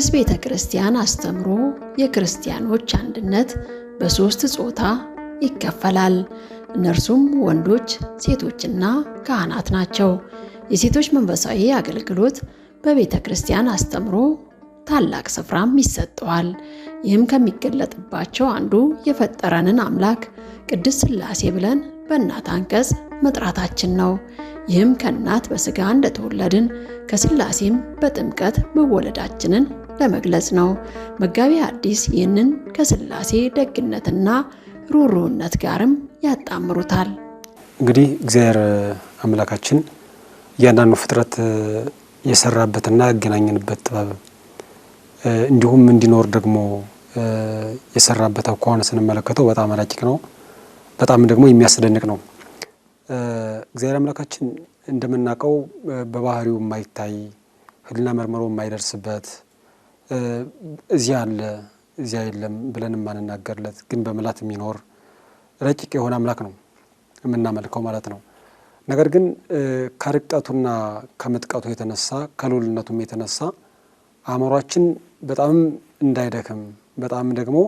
የቅድስ ቤተ ክርስቲያን አስተምሮ የክርስቲያኖች አንድነት በሦስት ጾታ ይከፈላል። እነርሱም ወንዶች፣ ሴቶችና ካህናት ናቸው። የሴቶች መንፈሳዊ አገልግሎት በቤተ ክርስቲያን አስተምሮ ታላቅ ስፍራም ይሰጠዋል። ይህም ከሚገለጥባቸው አንዱ የፈጠረንን አምላክ ቅድስት ሥላሴ ብለን በእናት አንቀጽ መጥራታችን ነው። ይህም ከእናት በሥጋ እንደተወለድን ከሥላሴም በጥምቀት መወለዳችንን ለመግለጽ ነው። መጋቢ አዲስ ይህንን ከስላሴ ደግነትና ሩሩነት ጋርም ያጣምሩታል። እንግዲህ እግዚአብሔር አምላካችን እያንዳንዱ ፍጥረት የሰራበትና ያገናኘንበት ጥበብ እንዲሁም እንዲኖር ደግሞ የሰራበት አኳኋን ስንመለከተው በጣም ረቂቅ ነው። በጣም ደግሞ የሚያስደንቅ ነው። እግዚአብሔር አምላካችን እንደምናውቀው በባህሪው የማይታይ ሕሊና መርምሮ የማይደርስበት እዚያ አለ እዚያ የለም ብለን የማንናገርለት ግን በምላት የሚኖር ረቂቅ የሆነ አምላክ ነው የምናመልከው ማለት ነው። ነገር ግን ከርቀቱና ከምጥቀቱ የተነሳ ከልዑልነቱም የተነሳ አእምሯችን በጣም እንዳይደክም በጣም ደግሞ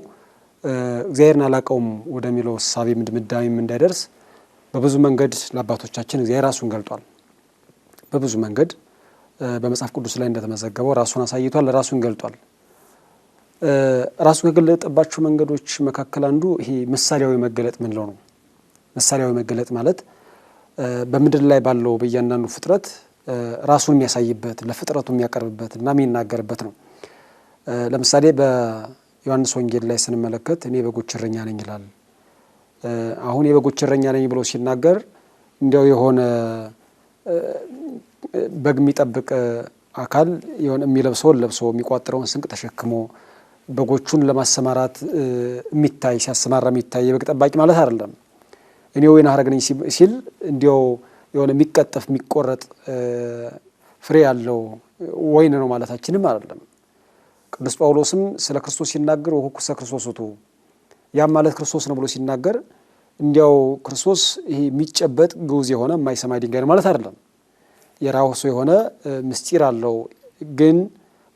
እግዚአብሔርን አላቀውም ወደሚለው እሳቤ ድምዳሜም እንዳይደርስ በብዙ መንገድ ለአባቶቻችን እግዚአብሔር ራሱን ገልጧል። በብዙ መንገድ በመጽሐፍ ቅዱስ ላይ እንደተመዘገበው ራሱን አሳይቷል፣ ራሱን ገልጧል። ራሱን ከገለጠባቸው መንገዶች መካከል አንዱ ይሄ ምሳሌያዊ መገለጥ ምንለው ነው። ምሳሌያዊ መገለጥ ማለት በምድር ላይ ባለው በእያንዳንዱ ፍጥረት ራሱን የሚያሳይበት ለፍጥረቱ የሚያቀርብበት እና የሚናገርበት ነው። ለምሳሌ በዮሐንስ ወንጌል ላይ ስንመለከት እኔ በጎች እረኛ ነኝ ይላል። አሁን የበጎች እረኛ ነኝ ብሎ ሲናገር እንዲያው የሆነ በግ የሚጠብቅ አካል የሆነ የሚለብሰውን ለብሶ የሚቋጥረውን ስንቅ ተሸክሞ በጎቹን ለማሰማራት የሚታይ ሲያሰማራ የሚታይ የበግ ጠባቂ ማለት አይደለም። እኔ ወይን ሀረግ ሲል እንዲያው የሆነ የሚቀጠፍ የሚቆረጥ ፍሬ ያለው ወይን ነው ማለታችንም አይደለም። ቅዱስ ጳውሎስም ስለ ክርስቶስ ሲናገር ወኩኩሰ ክርስቶስ ውእቱ፣ ያም ማለት ክርስቶስ ነው ብሎ ሲናገር እንዲያው ክርስቶስ ይሄ የሚጨበጥ ግውዝ የሆነ የማይሰማ ድንጋይ ነው ማለት አይደለም። የራሱ የሆነ ምስጢር አለው። ግን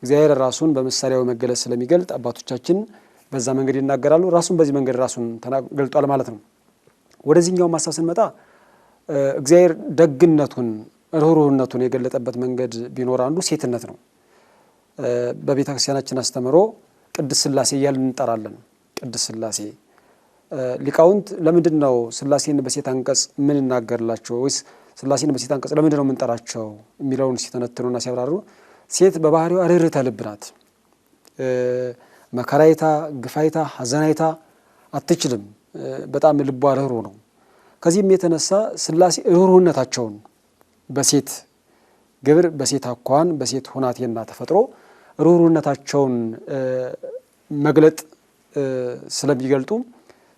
እግዚአብሔር ራሱን በምሳሌያዊ መገለጽ ስለሚገልጥ አባቶቻችን በዛ መንገድ ይናገራሉ። ራሱን በዚህ መንገድ ራሱን ገልጧል ማለት ነው። ወደዚህኛው ማሳብ ስንመጣ እግዚአብሔር ደግነቱን ርኅሩህነቱን የገለጠበት መንገድ ቢኖር አንዱ ሴትነት ነው። በቤተ ክርስቲያናችን አስተምሮ ቅድስት ስላሴ እያልን እንጠራለን። ቅድስት ስላሴ ሊቃውንት ለምንድን ነው ስላሴን በሴት አንቀጽ ምን እናገርላቸው ወይስ ስላሴን በሴት አንቀጽ ለምንድን ነው የምንጠራቸው የሚለውን ሲተነትኑና ሲያብራሩ ሴት በባህሪው ርኅርኅተ ልብ ናት። መከራይታ፣ ግፋይታ፣ ሀዘናይታ አትችልም። በጣም ልቧ ርኅሩህ ነው። ከዚህም የተነሳ ስላሴ ርኅሩህነታቸውን በሴት ግብር በሴት አኳኋን በሴት ሁናቴና ተፈጥሮ ርኅሩህነታቸውን መግለጥ ስለሚገልጡ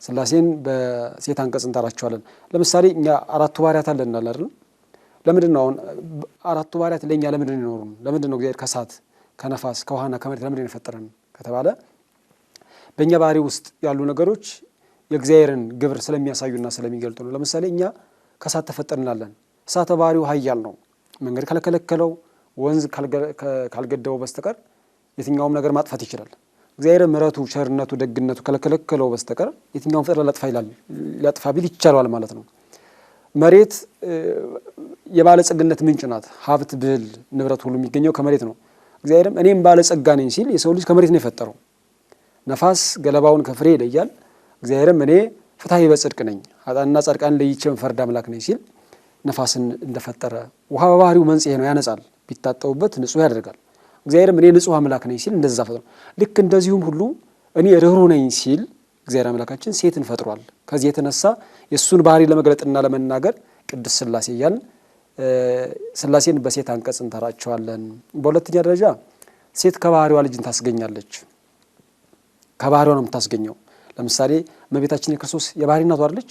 ስላሴን በሴት አንቀጽ እንጠራቸዋለን። ለምሳሌ እኛ አራቱ ባህርያት አለን እንዳለ አይደለም። ለምንድን ነው አሁን አራቱ ባህርያት ለእኛ ለምንድን ነው ይኖሩን? ለምንድን ነው እግዚአብሔር ከእሳት ከነፋስ ከውሃና ከመሬት ለምንድን ነው የፈጠረን ከተባለ በእኛ ባህሪ ውስጥ ያሉ ነገሮች የእግዚአብሔርን ግብር ስለሚያሳዩና ስለሚገልጡ ነው። ለምሳሌ እኛ ከእሳት ተፈጠርናለን። እሳተ ባህሪው ኃያል ነው። መንገድ ካልከለከለው ወንዝ ካልገደበው በስተቀር የትኛውም ነገር ማጥፋት ይችላል። እግዚአብሔር ምሕረቱ፣ ቸርነቱ፣ ደግነቱ ከለከለከለው በስተቀር የትኛውን ፍጥረት ላጥፋ ይላል ሊያጥፋ ቢል ይቻለዋል ማለት ነው። መሬት የባለጸግነት ምንጭ ናት። ሀብት፣ ብል ንብረት ሁሉ የሚገኘው ከመሬት ነው። እግዚአብሔርም እኔም ባለጸጋ ነኝ ሲል የሰው ልጅ ከመሬት ነው የፈጠረው። ነፋስ ገለባውን ከፍሬ ይለያል። እግዚአብሔርም እኔ ፍትሐዊ በጽድቅ ነኝ ኃጥአንና ጻድቃን ለይቼ ፈርድ አምላክ ነኝ ሲል ነፋስን እንደፈጠረ ውሃ በባህሪው መንጽሄ ነው፣ ያነጻል፣ ቢታጠቡበት ንጹህ ያደርጋል። እግዚአብሔርም እኔ ንጹሕ አምላክ ነኝ ሲል እንደዛ ፈጥሮ ልክ እንደዚሁም ሁሉ እኔ ርኅሩህ ነኝ ሲል እግዚአብሔር አምላካችን ሴትን ፈጥሯል። ከዚህ የተነሳ የእሱን ባህሪ ለመግለጥና ለመናገር ቅድስት ስላሴ እያልን ስላሴን በሴት አንቀጽ እንተራቸዋለን። በሁለተኛ ደረጃ ሴት ከባህሪዋ ልጅን ታስገኛለች። ከባህሪዋ ነው የምታስገኘው። ለምሳሌ እመቤታችን የክርስቶስ የባህሪ እናቱ አይደለች?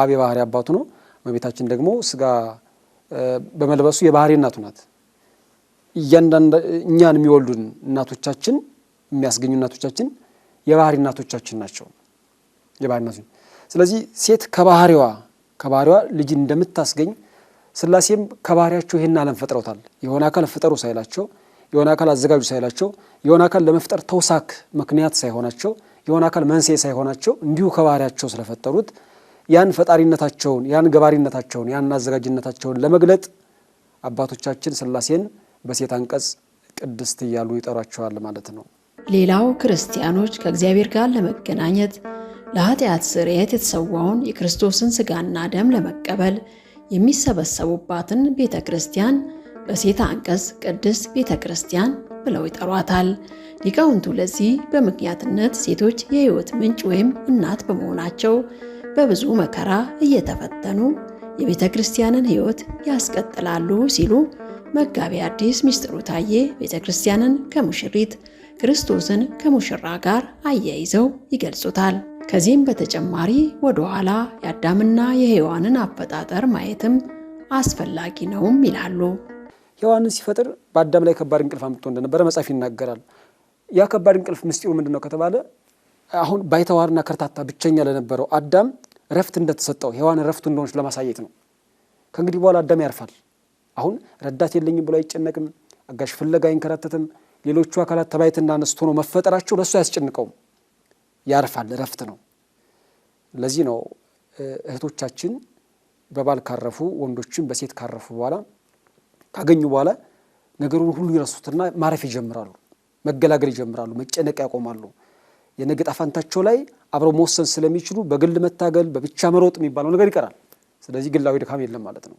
አብ የባህሪ አባቱ ነው። እመቤታችን ደግሞ ስጋ በመልበሱ የባህሪ እናቱ ናት። እያንዳንድ እኛን የሚወልዱን እናቶቻችን የሚያስገኙ እናቶቻችን የባህሪ እናቶቻችን ናቸው። የባህሪ እናቶች ስለዚህ ሴት ከባህሪዋ ከባህሪዋ ልጅ እንደምታስገኝ ስላሴም ከባህሪያቸው ይህን ዓለም ፈጥረውታል። የሆነ አካል ፍጠሩ ሳይላቸው፣ የሆነ አካል አዘጋጁ ሳይላቸው፣ የሆነ አካል ለመፍጠር ተውሳክ ምክንያት ሳይሆናቸው፣ የሆነ አካል መንስኤ ሳይሆናቸው እንዲሁ ከባህሪያቸው ስለፈጠሩት ያን ፈጣሪነታቸውን ያን ገባሪነታቸውን ያን አዘጋጅነታቸውን ለመግለጥ አባቶቻችን ስላሴን በሴት አንቀጽ ቅድስት እያሉ ይጠሯቸዋል ማለት ነው። ሌላው ክርስቲያኖች ከእግዚአብሔር ጋር ለመገናኘት ለኃጢአት ስርየት የተሰዋውን የክርስቶስን ስጋና ደም ለመቀበል የሚሰበሰቡባትን ቤተ ክርስቲያን በሴት አንቀጽ ቅድስት ቤተ ክርስቲያን ብለው ይጠሯታል። ሊቃውንቱ ለዚህ በምክንያትነት ሴቶች የሕይወት ምንጭ ወይም እናት በመሆናቸው በብዙ መከራ እየተፈተኑ የቤተ ክርስቲያንን ሕይወት ያስቀጥላሉ ሲሉ መጋቤ ሐዲስ ምስጢሩ ታዬ ቤተ ክርስቲያንን ከሙሽሪት ክርስቶስን ከሙሽራ ጋር አያይዘው ይገልጹታል። ከዚህም በተጨማሪ ወደ ኋላ የአዳምና የሔዋንን አፈጣጠር ማየትም አስፈላጊ ነውም ይላሉ። ሔዋንን ሲፈጥር በአዳም ላይ ከባድ እንቅልፍ አምጥቶ እንደነበረ መጽሐፍ ይናገራል። ያ ከባድ እንቅልፍ ምስጢሩ ምንድን ነው ከተባለ አሁን ባይተዋርና ከርታታ ብቸኛ ለነበረው አዳም ረፍት እንደተሰጠው ሔዋን ረፍቱ እንደሆነች ለማሳየት ነው። ከእንግዲህ በኋላ አዳም ያርፋል አሁን ረዳት የለኝም ብሎ አይጨነቅም። አጋሽ ፍለጋ አይንከራተትም። ሌሎቹ አካላት ተባይትና አነስቶ ነው መፈጠራቸው ለእሱ አያስጨንቀውም። ያርፋል፣ እረፍት ነው። ለዚህ ነው እህቶቻችን በባል ካረፉ ወንዶችን በሴት ካረፉ በኋላ ካገኙ በኋላ ነገሩን ሁሉ ይረሱትና ማረፍ ይጀምራሉ፣ መገላገል ይጀምራሉ፣ መጨነቅ ያቆማሉ። የነገ ዕጣ ፈንታቸው ላይ አብረው መወሰን ስለሚችሉ በግል መታገል፣ በብቻ መሮጥ የሚባለው ነገር ይቀራል። ስለዚህ ግላዊ ድካም የለም ማለት ነው።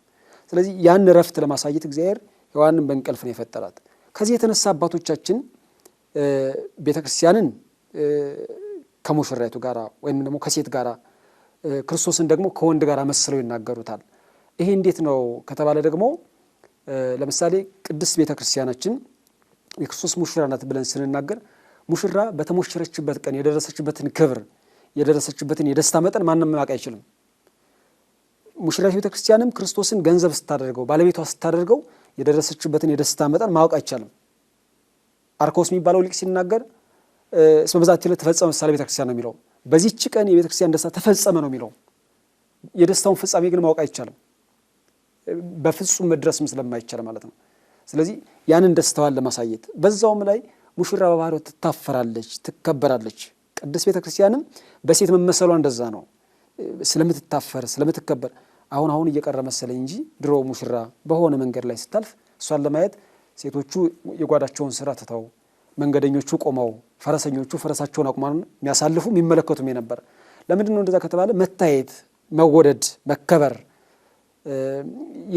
ስለዚህ ያን እረፍት ለማሳየት እግዚአብሔር ሔዋንን በእንቅልፍ ነው የፈጠራት። ከዚህ የተነሳ አባቶቻችን ቤተ ክርስቲያንን ከሙሽራይቱ ጋር ወይም ደግሞ ከሴት ጋር ክርስቶስን ደግሞ ከወንድ ጋር መስለው ይናገሩታል። ይሄ እንዴት ነው ከተባለ ደግሞ ለምሳሌ ቅድስት ቤተ ክርስቲያናችን የክርስቶስ ሙሽራ ናት ብለን ስንናገር ሙሽራ በተሞሸረችበት ቀን የደረሰችበትን ክብር የደረሰችበትን የደስታ መጠን ማንም ማወቅ አይችልም። ሙሽራሽ ቤተክርስቲያንም ክርስቶስን ገንዘብ ስታደርገው ባለቤቷ ስታደርገው የደረሰችበትን የደስታ መጠን ማወቅ አይቻልም። አርኮስ የሚባለው ሊቅ ሲናገር እስመ በዛቲ ዕለት ተፈጸመ ምሳሌ ክርስቲያን ነው የሚለው። በዚህች ቀን ክርስቲያን ደስታ ተፈጸመ ነው የሚለው። የደስታውን ፍጻሜ ግን ማወቅ አይቻልም፣ በፍጹም መድረስም ስለማይቻል ማለት ነው። ስለዚህ ያንን ደስታዋን ለማሳየት በዛውም ላይ ሙሽራ በባህሪ ትታፈራለች፣ ትከበራለች። ቅድስት ቤተክርስቲያንም በሴት መመሰሏ እንደዛ ነው። ስለምትታፈር ስለምትከበር አሁን አሁን እየቀረ መሰለኝ እንጂ ድሮ ሙሽራ በሆነ መንገድ ላይ ስታልፍ እሷን ለማየት ሴቶቹ የጓዳቸውን ስራ ትተው መንገደኞቹ ቆመው ፈረሰኞቹ ፈረሳቸውን አቁማን የሚያሳልፉ የሚመለከቱም የነበር። ለምንድን ነው እንደዛ ከተባለ መታየት፣ መወደድ፣ መከበር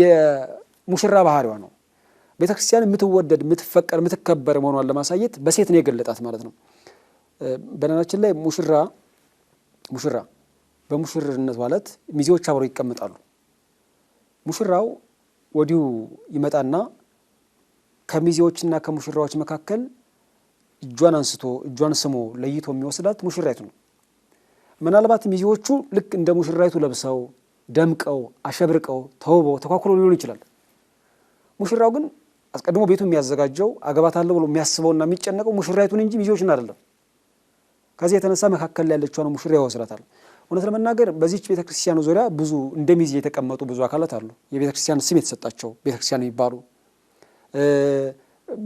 የሙሽራ ባህሪዋ ነው። ቤተ ክርስቲያን የምትወደድ የምትፈቀር፣ የምትከበር መሆኗን ለማሳየት በሴት ነው የገለጣት ማለት ነው። በነናችን ላይ ሙሽራ ሙሽራ በሙሽርነት ማለት ሚዜዎች አብረው ይቀመጣሉ። ሙሽራው ወዲሁ ይመጣና ከሚዜዎችና ከሙሽራዎች መካከል እጇን አንስቶ እጇን ስሞ ለይቶ የሚወስዳት ሙሽራይቱ ነው። ምናልባት ሚዜዎቹ ልክ እንደ ሙሽራይቱ ለብሰው ደምቀው አሸብርቀው ተውበው ተኳኩሎ ሊሆን ይችላል። ሙሽራው ግን አስቀድሞ ቤቱ የሚያዘጋጀው አገባታለሁ ብሎ የሚያስበውና የሚጨነቀው ሙሽራይቱን እንጂ ሚዜዎችን አይደለም። ከዚህ የተነሳ መካከል ላይ ያለችዋን ሙሽራ ይወስዳታል። እውነት ለመናገር በዚች ቤተክርስቲያኑ ዙሪያ ብዙ እንደ ሚዜ የተቀመጡ ብዙ አካላት አሉ። የቤተክርስቲያን ስም የተሰጣቸው ቤተክርስቲያን የሚባሉ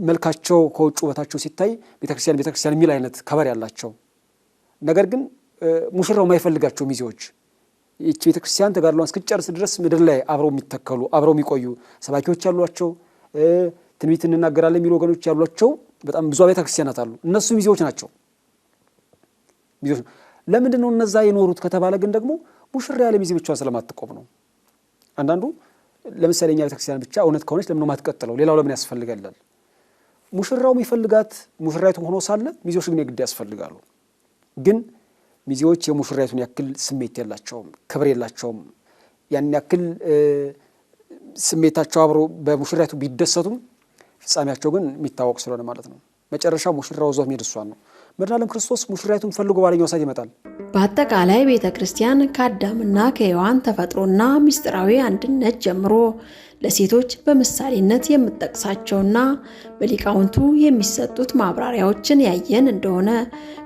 መልካቸው ከውጭ ውበታቸው ሲታይ ቤተክርስቲያን ቤተክርስቲያን የሚል አይነት ከበር ያላቸው ነገር ግን ሙሽራው የማይፈልጋቸው ሚዜዎች ይቺ ቤተክርስቲያን ተጋድሏን እስክጨርስ ድረስ ምድር ላይ አብረው የሚተከሉ አብረው የሚቆዩ ሰባኪዎች ያሏቸው ትንቢት እንናገራለን የሚሉ ወገኖች ያሏቸው በጣም ብዙ ቤተክርስቲያናት አሉ። እነሱ ሚዜዎች ናቸው። ለምንድን ነው እነዛ የኖሩት ከተባለ ግን ደግሞ ሙሽራ ያለ ሚዜ ብቻዋን ስለማትቆም ነው። አንዳንዱ ለምሳሌ እኛ ቤተክርስቲያን ብቻ እውነት ከሆነች ለምን ማትቀጥለው? ሌላው ለምን ያስፈልጋላል? ሙሽራው የሚፈልጋት ሙሽራይቱም ሆኖ ሳለ ሚዜዎች ግን የግድ ያስፈልጋሉ። ግን ሚዜዎች የሙሽራይቱን ያክል ስሜት የላቸውም፣ ክብር የላቸውም። ያን ያክል ስሜታቸው አብሮ በሙሽራይቱ ቢደሰቱም ፍጻሜያቸው ግን የሚታወቅ ስለሆነ ማለት ነው። መጨረሻ ሙሽራው ዞ ሄድ እሷን ነው መድኃኔዓለም ክርስቶስ ሙሽራይቱን ፈልጎ ባለኛው ሰዓት ይመጣል። በአጠቃላይ ቤተ ክርስቲያን ከአዳምና ከሔዋን ተፈጥሮና ምስጢራዊ አንድነት ጀምሮ ለሴቶች በምሳሌነት የምጠቅሳቸውና በሊቃውንቱ የሚሰጡት ማብራሪያዎችን ያየን እንደሆነ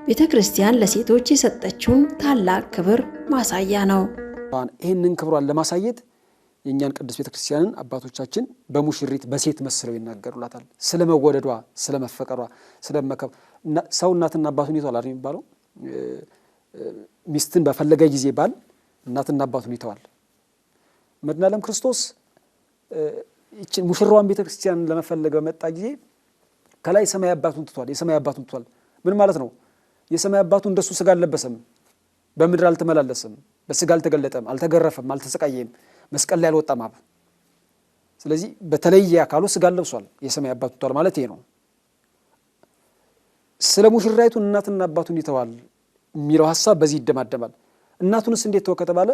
ቤተ ክርስቲያን ለሴቶች የሰጠችውን ታላቅ ክብር ማሳያ ነው። ይህንን ክብሯን ለማሳየት የእኛን ቅዱስ ቤተ ክርስቲያንን አባቶቻችን በሙሽሪት በሴት መስለው ይናገሩላታል። ስለ መወደዷ፣ ስለ መፈቀሯ፣ ስለ መከብ ሰው እናትና አባቱን ይተዋል አይደል የሚባለው። ሚስትን በፈለገ ጊዜ ባል እናትና አባቱን ይተዋል። መድኃኔዓለም ክርስቶስ ይችን ሙሽራዋን ቤተ ክርስቲያን ለመፈለግ በመጣ ጊዜ ከላይ ሰማይ አባቱን ትቷል፣ የሰማይ አባቱን ትቷል። ምን ማለት ነው? የሰማይ አባቱ እንደሱ ስጋ አልለበሰም፣ በምድር አልተመላለሰም፣ በስጋ አልተገለጠም፣ አልተገረፈም፣ አልተሰቃየም። መስቀል ላይ አልወጣም አብ። ስለዚህ በተለየ አካሉ ስጋ ለብሷል። የሰማይ አባት ወጥቷል ማለት ይሄ ነው። ስለ ሙሽራይቱ እናትና አባቱ እንዲተዋል የሚለው ሀሳብ በዚህ ይደማደማል። እናቱንስ እንዴት ተወ ከተባለ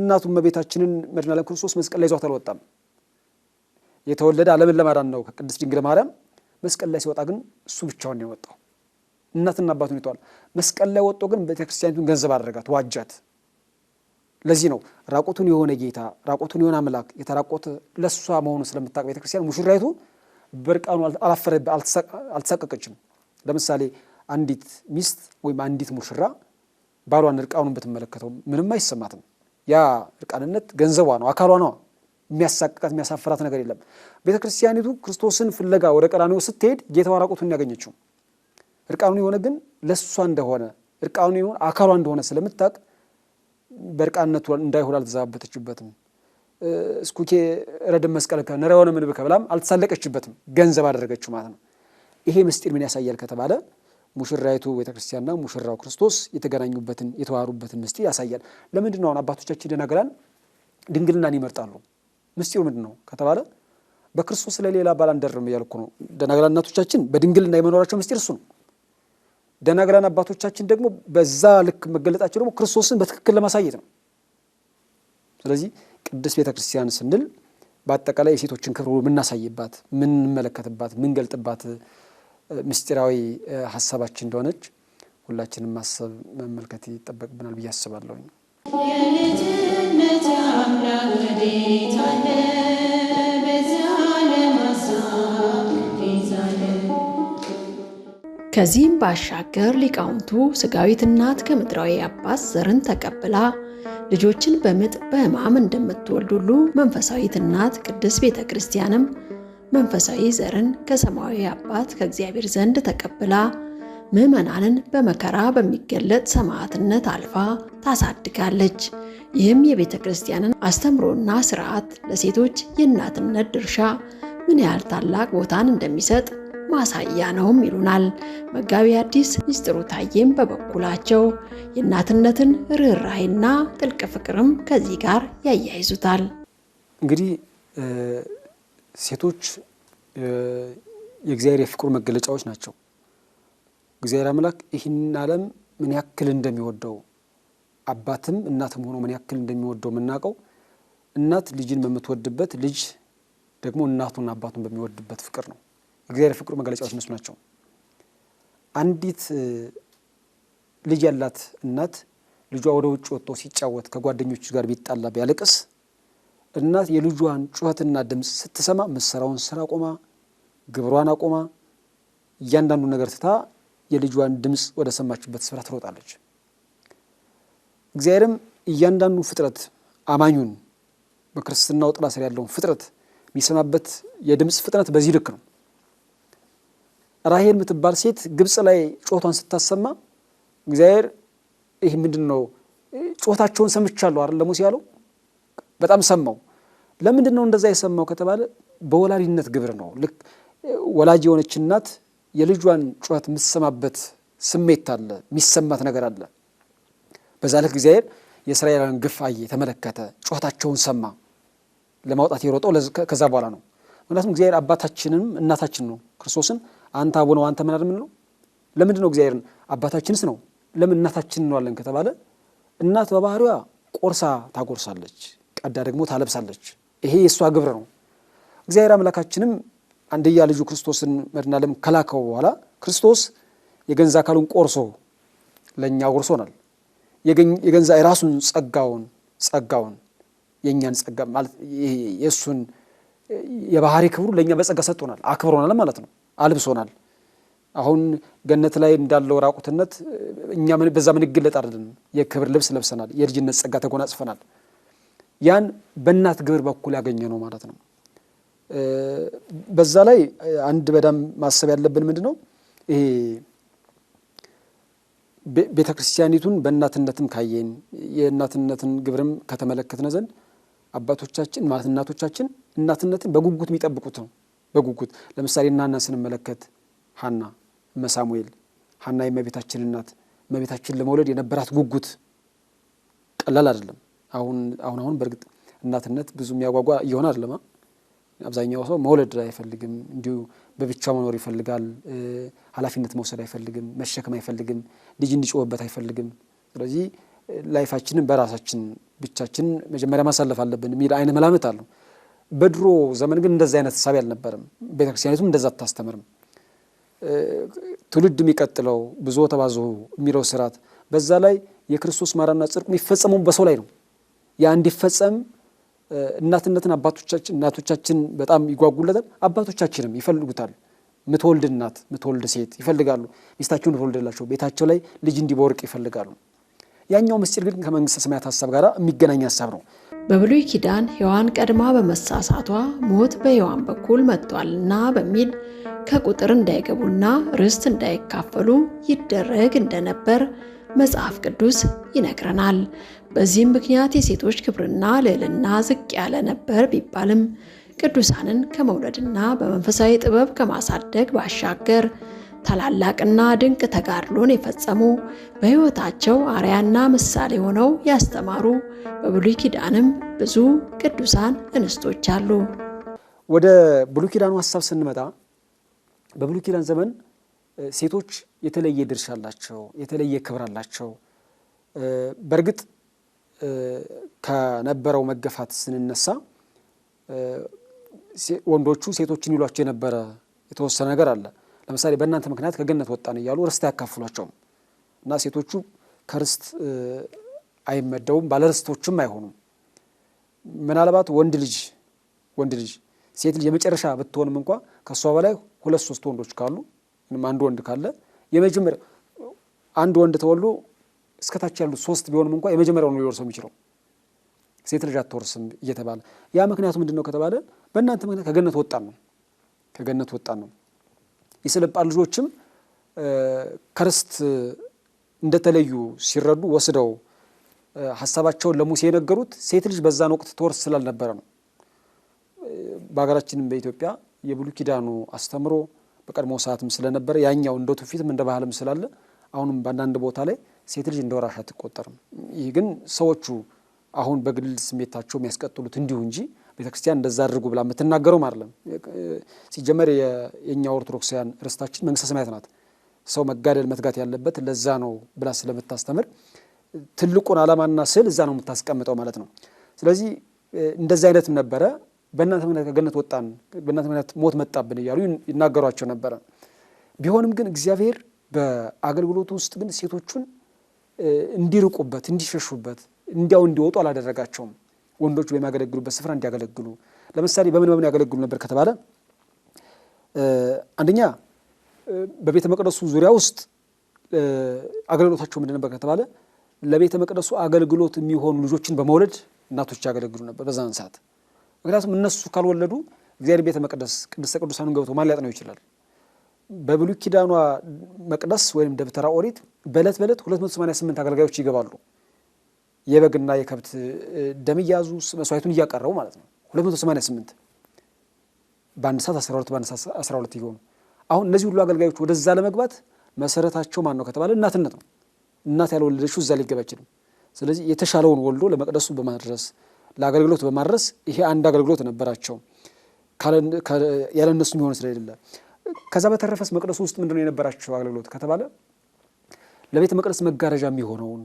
እናቱን እመቤታችንን መድኃኔዓለም ክርስቶስ መስቀል ላይ ይዟት አልወጣም። የተወለደ ዓለምን ለማዳን ነው ከቅድስት ድንግል ማርያም። መስቀል ላይ ሲወጣ ግን እሱ ብቻውን ነው የወጣው። እናትና አባቱን ይተዋል። መስቀል ላይ ወጦ ግን ቤተክርስቲያኒቱን ገንዘብ አደረጋት፣ ዋጃት። ለዚህ ነው ራቆቱን የሆነ ጌታ ራቆቱን የሆነ አምላክ የተራቆተ ለሷ መሆኑ ስለምታውቅ ቤተክርስቲያን ሙሽራይቱ በርቃኑ አላፈረብ አልተሳቀቀችም። ለምሳሌ አንዲት ሚስት ወይም አንዲት ሙሽራ ባሏን እርቃኑን ብትመለከተው ምንም አይሰማትም። ያ እርቃንነት ገንዘቧ ነው፣ አካሏ ነው። የሚያሳቅቃት የሚያሳፍራት ነገር የለም። ቤተክርስቲያኒቱ ክርስቶስን ፍለጋ ወደ ቀራንዮ ስትሄድ ጌታዋ ራቆቱን ያገኘችው እርቃኑን የሆነ ግን ለእሷ እንደሆነ እርቃኑን የሆነ አካሏ እንደሆነ ስለምታውቅ በርቃነት እንዳይሆን አልተዛባበተችበትም። እስኩኬ ረድን መስቀል የሆነ ምንብ ከብላም አልተሳለቀችበትም፣ ገንዘብ አደረገችው ማለት ነው። ይሄ ምስጢር ምን ያሳያል ከተባለ ሙሽራይቱ ቤተክርስቲያንና ሙሽራው ክርስቶስ የተገናኙበትን የተዋሩበትን ምስጢር ያሳያል። ለምንድን ነው አሁን አባቶቻችን ደናግላን ድንግልናን ይመርጣሉ? ምስጢሩ ምንድን ነው ከተባለ በክርስቶስ ስለሌላ ባል አንደርም እያልኩ ነው። ደናግላን እናቶቻችን በድንግልና የመኖራቸው ምስጢር እሱ ነው። ደናግላን አባቶቻችን ደግሞ በዛ ልክ መገለጣቸው ደግሞ ክርስቶስን በትክክል ለማሳየት ነው። ስለዚህ ቅድስት ቤተ ክርስቲያን ስንል በአጠቃላይ የሴቶችን ክብር የምናሳይባት፣ ምንመለከትባት፣ ምንገልጥባት ምስጢራዊ ሀሳባችን እንደሆነች ሁላችንም ማሰብ መመልከት ይጠበቅብናል ብዬ አስባለሁኝ። ከዚህም ባሻገር ሊቃውንቱ ሥጋዊት እናት ከምድራዊ አባት ዘርን ተቀብላ ልጆችን በምጥ በሕማም እንደምትወልድ ሁሉ መንፈሳዊት እናት ቅድስት ቤተ ክርስቲያንም መንፈሳዊ ዘርን ከሰማያዊ አባት ከእግዚአብሔር ዘንድ ተቀብላ ምዕመናንን በመከራ በሚገለጥ ሰማዕትነት አልፋ ታሳድጋለች። ይህም የቤተ ክርስቲያንን አስተምሮና ስርዓት ለሴቶች የእናትነት ድርሻ ምን ያህል ታላቅ ቦታን እንደሚሰጥ ማሳያ ነውም ይሉናል። መጋቢ አዲስ ሚስጥሩ ታዬም በበኩላቸው የእናትነትን ርኅራኄና ጥልቅ ፍቅርም ከዚህ ጋር ያያይዙታል። እንግዲህ ሴቶች የእግዚአብሔር የፍቅሩ መገለጫዎች ናቸው። እግዚአብሔር አምላክ ይህን ዓለም ምን ያክል እንደሚወደው አባትም እናትም ሆኖ ምን ያክል እንደሚወደው የምናውቀው እናት ልጅን በምትወድበት፣ ልጅ ደግሞ እናቱን አባቱን በሚወድበት ፍቅር ነው። እግዚአብሔር ፍቅሩ መገለጫዎች እነሱ ናቸው። አንዲት ልጅ ያላት እናት ልጇ ወደ ውጭ ወጥቶ ሲጫወት ከጓደኞች ጋር ቢጣላ ቢያለቅስ እናት የልጇን ጩኸትና ድምፅ ስትሰማ ምሰራውን ስራ አቆማ፣ ግብሯን አቆማ እያንዳንዱ ነገር ትታ የልጇን ድምፅ ወደ ሰማችበት ስፍራ ትሮጣለች። እግዚአብሔርም እያንዳንዱ ፍጥረት አማኙን በክርስትናው ጥላ ስር ያለውን ፍጥረት የሚሰማበት የድምፅ ፍጥነት በዚህ ልክ ነው። ራሄል የምትባል ሴት ግብፅ ላይ ጮቷን ስታሰማ እግዚአብሔር ይህ ምንድን ነው ጮታቸውን ሰምቻለሁ አይደል ለሙሴ ያለው በጣም ሰማው ለምንድን ነው እንደዛ የሰማው ከተባለ በወላድነት ግብር ነው ልክ ወላጅ የሆነች እናት የልጇን ጩኸት የምትሰማበት ስሜት አለ የሚሰማት ነገር አለ በዛ ልክ እግዚአብሔር የእስራኤላን ግፍ አየ ተመለከተ ጩኸታቸውን ሰማ ለማውጣት የሮጠው ከዛ በኋላ ነው ምክንያቱም እግዚአብሔር አባታችንም እናታችን ነው ክርስቶስን አንተ አቡነ አንተ ምን ነው? ለምንድን ነው እግዚአብሔርን አባታችንስ ነው ለምን እናታችን እንለዋለን ከተባለ እናት በባህሪዋ ቆርሳ ታጎርሳለች፣ ቀዳ ደግሞ ታለብሳለች። ይሄ የእሷ ግብር ነው። እግዚአብሔር አምላካችንም አንድያ ልጁ ክርስቶስን መድኃኔ ከላከው በኋላ ክርስቶስ የገንዛ አካሉን ቆርሶ ለእኛ ጎርሶናል። የገንዛ የራሱን ጸጋውን ጸጋውን የእኛን ጸጋ ማለት የእሱን የባህሪ ክብሩ ለእኛ በጸጋ ሰጥቶናል፣ አክብሮናል ማለት ነው። አልብሶናል። አሁን ገነት ላይ እንዳለው ራቁትነት እኛ በዛ ምንግለጥ አይደለም። የክብር ልብስ ለብሰናል። የልጅነት ጸጋ ተጎናጽፈናል። ያን በእናት ግብር በኩል ያገኘ ነው ማለት ነው። በዛ ላይ አንድ በዳም ማሰብ ያለብን ምንድ ነው ይሄ ቤተ ክርስቲያኒቱን በእናትነትም ካየን የእናትነትን ግብርም ከተመለከትነ ዘንድ አባቶቻችን ማለት እናቶቻችን እናትነትን በጉጉት የሚጠብቁት ነው። በጉጉት ለምሳሌ እናና ስንመለከት ሀና መሳሙኤል ሀና የእመቤታችን እናት እመቤታችን ለመውለድ የነበራት ጉጉት ቀላል አይደለም። አሁን አሁን አሁን በእርግጥ እናትነት ብዙ የሚያጓጓ እየሆነ አይደለም። አብዛኛው ሰው መውለድ አይፈልግም፣ እንዲሁ በብቻው መኖር ይፈልጋል። ኃላፊነት መውሰድ አይፈልግም፣ መሸከም አይፈልግም፣ ልጅ እንዲጮህበት አይፈልግም። ስለዚህ ላይፋችንን በራሳችን ብቻችን መጀመሪያ ማሳለፍ አለብን የሚል አይነ መላምት አለው። በድሮ ዘመን ግን እንደዚህ አይነት ሳቢ አልነበርም። ቤተክርስቲያኒቱም እንደዛ አታስተምርም። ትውልድ የሚቀጥለው ብዙ ተባዙ የሚለው ስርዓት፣ በዛ ላይ የክርስቶስ ማራና ጽድቁ የሚፈጸመው በሰው ላይ ነው። ያ እንዲፈጸም እናትነትን እናቶቻችን በጣም ይጓጉለታል፣ አባቶቻችንም ይፈልጉታል። ምትወልድ እናት ምትወልድ ሴት ይፈልጋሉ። ሚስታቸውን ትወልድላቸው፣ ቤታቸው ላይ ልጅ እንዲበወርቅ ይፈልጋሉ። ያኛው ምስጢር ግን ከመንግስተ ሰማያት ሀሳብ ጋር የሚገናኝ ሀሳብ ነው። በብሉይ ኪዳን ሔዋን ቀድማ በመሳሳቷ ሞት በሔዋን በኩል መጥቷልና በሚል ከቁጥር እንዳይገቡና ርስት እንዳይካፈሉ ይደረግ እንደነበር መጽሐፍ ቅዱስ ይነግረናል። በዚህም ምክንያት የሴቶች ክብርና ልዕልና ዝቅ ያለ ነበር ቢባልም ቅዱሳንን ከመውለድና በመንፈሳዊ ጥበብ ከማሳደግ ባሻገር ታላላቅና ድንቅ ተጋድሎን የፈጸሙ በሕይወታቸው አርያና ምሳሌ ሆነው ያስተማሩ በብሉይ ኪዳንም ብዙ ቅዱሳን እንስቶች አሉ። ወደ ብሉይ ኪዳኑ ሀሳብ ስንመጣ በብሉይ ኪዳን ዘመን ሴቶች የተለየ ድርሻ አላቸው፣ የተለየ ክብር አላቸው። በእርግጥ ከነበረው መገፋት ስንነሳ ወንዶቹ ሴቶችን ይሏቸው የነበረ የተወሰነ ነገር አለ። ለምሳሌ በእናንተ ምክንያት ከገነት ወጣን እያሉ ርስት አያካፍሏቸውም እና ሴቶቹ ከርስት አይመደቡም፣ ባለርስቶችም አይሆኑም። ምናልባት ወንድ ልጅ ወንድ ልጅ ሴት ልጅ የመጨረሻ ብትሆንም እንኳ ከእሷ በላይ ሁለት ሶስት ወንዶች ካሉ አንድ ወንድ ካለ የመጀመሪያ አንድ ወንድ ተወልዶ እስከታች ያሉት ሶስት ቢሆንም እንኳ የመጀመሪያው ነው ሊወርሰው የሚችለው። ሴት ልጅ አትወርስም እየተባለ ያ ምክንያቱ ምንድን ነው ከተባለ በእናንተ ምክንያት ከገነት ወጣን ነው ከገነት ወጣን ነው። የስልጣን ልጆችም ከርስት እንደተለዩ ሲረዱ ወስደው ሀሳባቸውን ለሙሴ የነገሩት ሴት ልጅ በዛን ወቅት ትወርስ ስላልነበረ ነው። በሀገራችንም በኢትዮጵያ የብሉይ ኪዳኑ አስተምሮ በቀድሞ ሰዓትም ስለነበረ ያኛው እንደ ትውፊትም እንደ ባህልም ስላለ አሁንም በአንዳንድ ቦታ ላይ ሴት ልጅ እንደ ወራሽ አትቆጠርም። ይህ ግን ሰዎቹ አሁን በግል ስሜታቸው የሚያስቀጥሉት እንዲሁ እንጂ ቤተክርስቲያን እንደዛ አድርጉ ብላ የምትናገረውም አይደለም። ሲጀመር የእኛ ኦርቶዶክሳውያን ርስታችን መንግስተ ሰማያት ናት። ሰው መጋደል መትጋት ያለበት ለዛ ነው ብላ ስለምታስተምር ትልቁን ዓላማና ስዕል እዛ ነው የምታስቀምጠው ማለት ነው። ስለዚህ እንደዚህ አይነትም ነበረ። በእናንተ ምክንያት ከገነት ወጣን፣ በእናንተ ምክንያት ሞት መጣብን እያሉ ይናገሯቸው ነበረ። ቢሆንም ግን እግዚአብሔር በአገልግሎቱ ውስጥ ግን ሴቶቹን እንዲርቁበት፣ እንዲሸሹበት፣ እንዲያው እንዲወጡ አላደረጋቸውም። ወንዶች በሚያገለግሉበት ስፍራ እንዲያገለግሉ ለምሳሌ በምን በምን ያገለግሉ ነበር ከተባለ አንደኛ በቤተ መቅደሱ ዙሪያ ውስጥ አገልግሎታቸው ምንድን ነበር ከተባለ ለቤተ መቅደሱ አገልግሎት የሚሆኑ ልጆችን በመውለድ እናቶች ያገለግሉ ነበር በዛን ሰዓት። ምክንያቱም እነሱ ካልወለዱ እግዚአብሔር ቤተ መቅደስ ቅድስተ ቅዱሳኑን ገብቶ ማን ሊያጥነው ይችላል? በብሉይ ኪዳኗ መቅደስ ወይም ደብተራ ኦሪት በዕለት በዕለት 288 አገልጋዮች ይገባሉ። የበግና የከብት ደም እያዙ መስዋዕቱን እያቀረቡ ማለት ነው። 288 በአንድ ሰዓት 12 በአንድ ሰዓት 12 እየሆኑ አሁን እነዚህ ሁሉ አገልጋዮች ወደዛ ለመግባት መሰረታቸው ማን ነው ከተባለ እናትነት ነው። እናት ያልወለደችው እዛ ሊገባ አይችልም። ስለዚህ የተሻለውን ወልዶ ለመቅደሱ በማድረስ ለአገልግሎት በማድረስ ይሄ አንድ አገልግሎት ነበራቸው። ያለ እነሱ የሚሆን ስለሌለ ከዛ በተረፈስ መቅደሱ ውስጥ ምንድነው የነበራቸው አገልግሎት ከተባለ ለቤተ መቅደስ መጋረጃ የሚሆነውን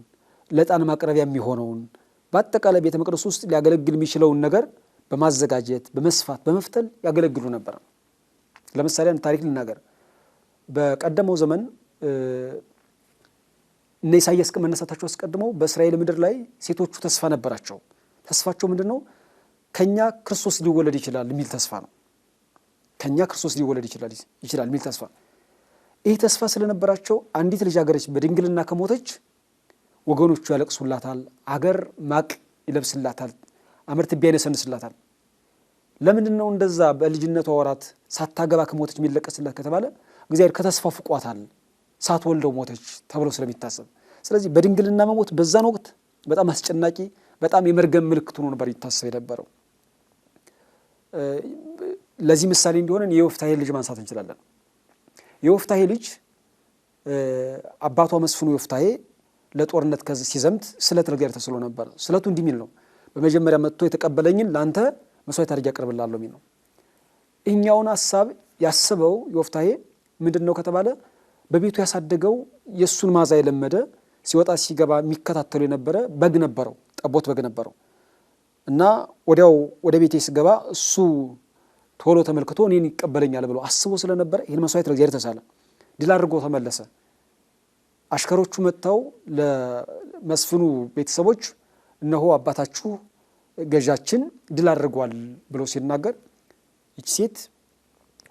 ለጣን ማቅረቢያ የሚሆነውን በአጠቃላይ ቤተ መቅደስ ውስጥ ሊያገለግል የሚችለውን ነገር በማዘጋጀት በመስፋት በመፍተል ያገለግሉ ነበር። ለምሳሌ አንድ ታሪክ ልናገር። በቀደመው ዘመን እነ ኢሳያስ ከመነሳታቸው አስቀድመው በእስራኤል ምድር ላይ ሴቶቹ ተስፋ ነበራቸው። ተስፋቸው ምንድን ነው? ከእኛ ክርስቶስ ሊወለድ ይችላል የሚል ተስፋ ነው። ከእኛ ክርስቶስ ሊወለድ ይችላል የሚል ተስፋ ይህ ተስፋ ስለነበራቸው አንዲት ልጃገረች በድንግልና ከሞተች ወገኖቹ ያለቅሱላታል፣ አገር ማቅ ይለብስላታል፣ አምርት ቢያ ይነሰንስላታል። ለምንድን ነው እንደዛ በልጅነቷ ወራት ሳታገባ ከሞተች የሚለቀስላት ከተባለ እግዚአብሔር ከተስፋ ፍቋታል ሳትወልደው ሞተች ተብሎ ስለሚታሰብ፣ ስለዚህ በድንግልና መሞት በዛን ወቅት በጣም አስጨናቂ፣ በጣም የመርገም ምልክት ሆኖ ነበር ይታሰብ የነበረው። ለዚህ ምሳሌ እንዲሆንን የወፍታሄ ልጅ ማንሳት እንችላለን። የወፍታሄ ልጅ አባቷ መስፍኑ ወፍታሄ ለጦርነት ከዚህ ሲዘምት ስለት ነገር ተስሎ ነበር። ስለቱ እንዲህ ሚል ነው፣ በመጀመሪያ መጥቶ የተቀበለኝን ለአንተ መስዋዕት አድርጌ አቀርብልሃለሁ የሚል ነው። እኛውን ሀሳብ ያስበው ዮፍታሄ ምንድን ነው ከተባለ በቤቱ ያሳደገው የእሱን ማዛ የለመደ ሲወጣ ሲገባ የሚከታተሉ የነበረ በግ ነበረው፣ ጠቦት በግ ነበረው እና ወዲያው ወደ ቤቴ ስገባ እሱ ቶሎ ተመልክቶ እኔን ይቀበለኛል ብሎ አስቦ ስለነበረ ይህን መስዋዕት ለእግዚአብሔር ተሳለ። ድል አድርጎ ተመለሰ። አሽከሮቹ መጥተው ለመስፍኑ ቤተሰቦች እነሆ አባታችሁ ገዣችን ድል አድርጓል ብሎ ሲናገር ይች ሴት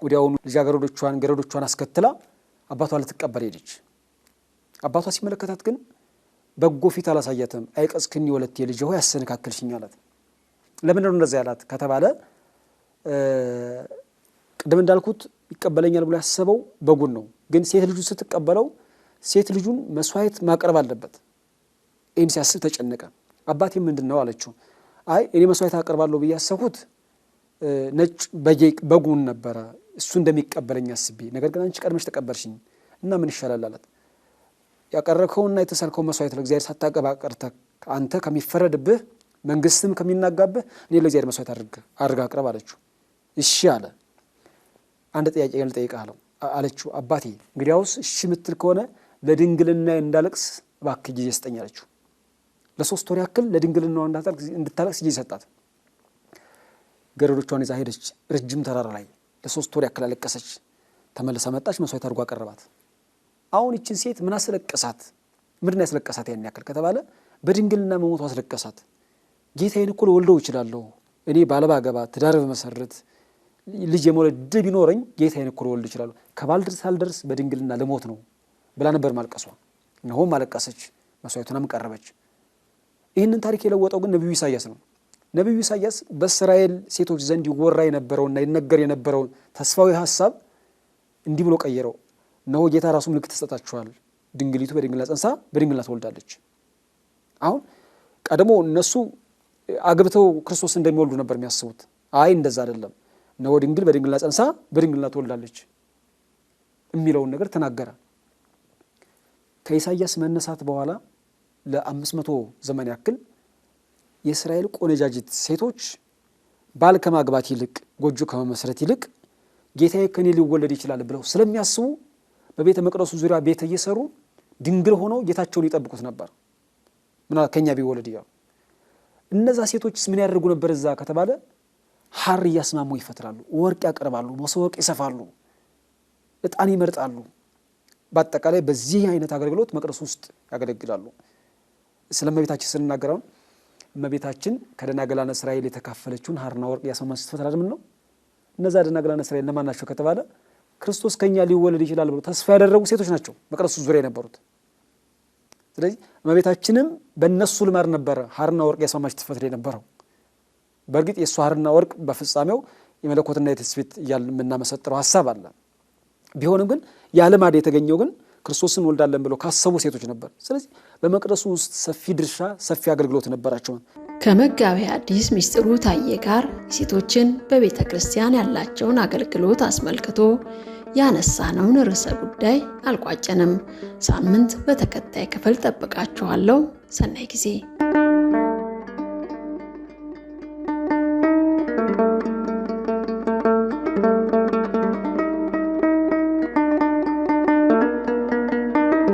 ወዲያውኑ ልጃገረዶቿን ገረዶቿን አስከትላ አባቷ ልትቀበል ሄደች። አባቷ ሲመለከታት ግን በጎ ፊት አላሳያትም። አይቀጽክኒ ወለቴ ልጅ ሆይ ያሰነካክልሽኝ አላት። ለምንድነው እንደዚያ ያላት ከተባለ ቅድም እንዳልኩት ይቀበለኛል ብሎ ያሰበው በጉን ነው። ግን ሴት ልጁ ስትቀበለው ሴት ልጁን መስዋዕት ማቅረብ አለበት። ይህን ሲያስብ ተጨነቀ። አባቴ ምንድን ነው አለችው። አይ እኔ መስዋዕት አቅርባለሁ ብዬ ያሰብኩት ነጭ በጉን ነበረ እሱ እንደሚቀበለኝ አስቤ፣ ነገር ግን አንቺ ቀድመሽ ተቀበልሽኝ እና ምን ይሻላል አላት። ያቀረብከውና የተሳልከው መስዋዕት ለእግዚአብሔር ሳታቀብ አቀርተ አንተ ከሚፈረድብህ መንግስትም ከሚናጋብህ እኔ ለእግዚአብሔር መስዋዕት አድርግ አቅርብ አለችው። እሺ አለ። አንድ ጥያቄ ልጠይቅህ አለችው። አባቴ እንግዲያውስ እሺ የምትል ከሆነ ለድንግልና እንዳለቅስ እባክህ ጊዜ ስጠኝ አለችው። ለሶስት ወር ያክል ለድንግልና እንድታለቅስ ጊዜ ሰጣት። ገረዶቿን ይዛ ሄደች። ረጅም ተራራ ላይ ለሶስት ወር ያክል አለቀሰች። ተመልሳ መጣች። መስዋዕት አድርጎ አቀረባት። አሁን ይችን ሴት ምን አስለቀሳት? ምንድን ያስለቀሳት ያን ያክል ከተባለ በድንግልና መሞቱ አስለቀሳት። ጌታዬን እኮ ልወልደው እችላለሁ እኔ ባለባ ገባ ትዳር በመሰረት ልጅ የመውለድ ቢኖረኝ ጌታዬን እኮ ልወልድ እችላለሁ። ከባል ሳልደርስ በድንግልና ልሞት ነው ብላ ነበር ማልቀሷ። እነሆም አለቀሰች፣ መስዋዕቱንም ቀረበች። ይህንን ታሪክ የለወጠው ግን ነቢዩ ኢሳያስ ነው። ነቢዩ ኢሳያስ በእስራኤል ሴቶች ዘንድ ይወራ የነበረውና ይነገር የነበረውን ተስፋዊ ሀሳብ እንዲህ ብሎ ቀየረው። እነሆ ጌታ ራሱ ምልክት ይሰጣችኋል፣ ድንግሊቱ በድንግልና ጸንሳ በድንግልና ትወልዳለች። አሁን ቀድሞ እነሱ አግብተው ክርስቶስ እንደሚወልዱ ነበር የሚያስቡት። አይ እንደዛ አይደለም፣ እነሆ ድንግል በድንግልና ጸንሳ በድንግልና ትወልዳለች የሚለውን ነገር ተናገረ። ከኢሳያስ መነሳት በኋላ ለአምስት መቶ ዘመን ያክል የእስራኤል ቆነጃጅት ሴቶች ባል ከማግባት ይልቅ ጎጆ ከመመስረት ይልቅ ጌታዬ ከኔ ሊወለድ ይችላል ብለው ስለሚያስቡ በቤተ መቅደሱ ዙሪያ ቤት እየሰሩ ድንግል ሆነው ጌታቸውን ይጠብቁት ነበር። ምና ከኛ ቢወለድ እያሉ እነዛ ሴቶችስ ምን ያደርጉ ነበር? እዛ ከተባለ ሐር እያስማሙ ይፈትላሉ፣ ወርቅ ያቀርባሉ፣ መሰወቅ ይሰፋሉ፣ እጣን ይመርጣሉ። በአጠቃላይ በዚህ አይነት አገልግሎት መቅደስ ውስጥ ያገለግላሉ። ስለ እመቤታችን ስንናገር አሁን እመቤታችን ከደናግላነ እስራኤል የተካፈለችውን ሐርና ወርቅ ያሰማን ስትፈትል ምን ነው? እነዛ ደናግላነ እስራኤል እነማን ናቸው ከተባለ ክርስቶስ ከኛ ሊወለድ ይችላል ብሎ ተስፋ ያደረጉ ሴቶች ናቸው መቅደሱ ዙሪያ የነበሩት። ስለዚህ እመቤታችንም በእነሱ ልማድ ነበረ ሐርና ወርቅ ያሰማች ትፈትል የነበረው። በእርግጥ የእሱ ሐርና ወርቅ በፍጻሜው የመለኮትና የትስብእት እያል የምናመሰጥረው ሀሳብ አለ። ቢሆንም ግን ያለማድ የተገኘው ግን ክርስቶስን ወልዳለን ብለው ካሰቡ ሴቶች ነበር። ስለዚህ በመቅደሱ ውስጥ ሰፊ ድርሻ፣ ሰፊ አገልግሎት ነበራቸው። ከመጋቢ ሐዲስ ምስጢሩ ታዬ ጋር ሴቶችን በቤተ ክርስቲያን ያላቸውን አገልግሎት አስመልክቶ ያነሳነውን ርዕሰ ጉዳይ አልቋጨንም። ሳምንት በተከታይ ክፍል ጠብቃችኋለሁ። ሰናይ ጊዜ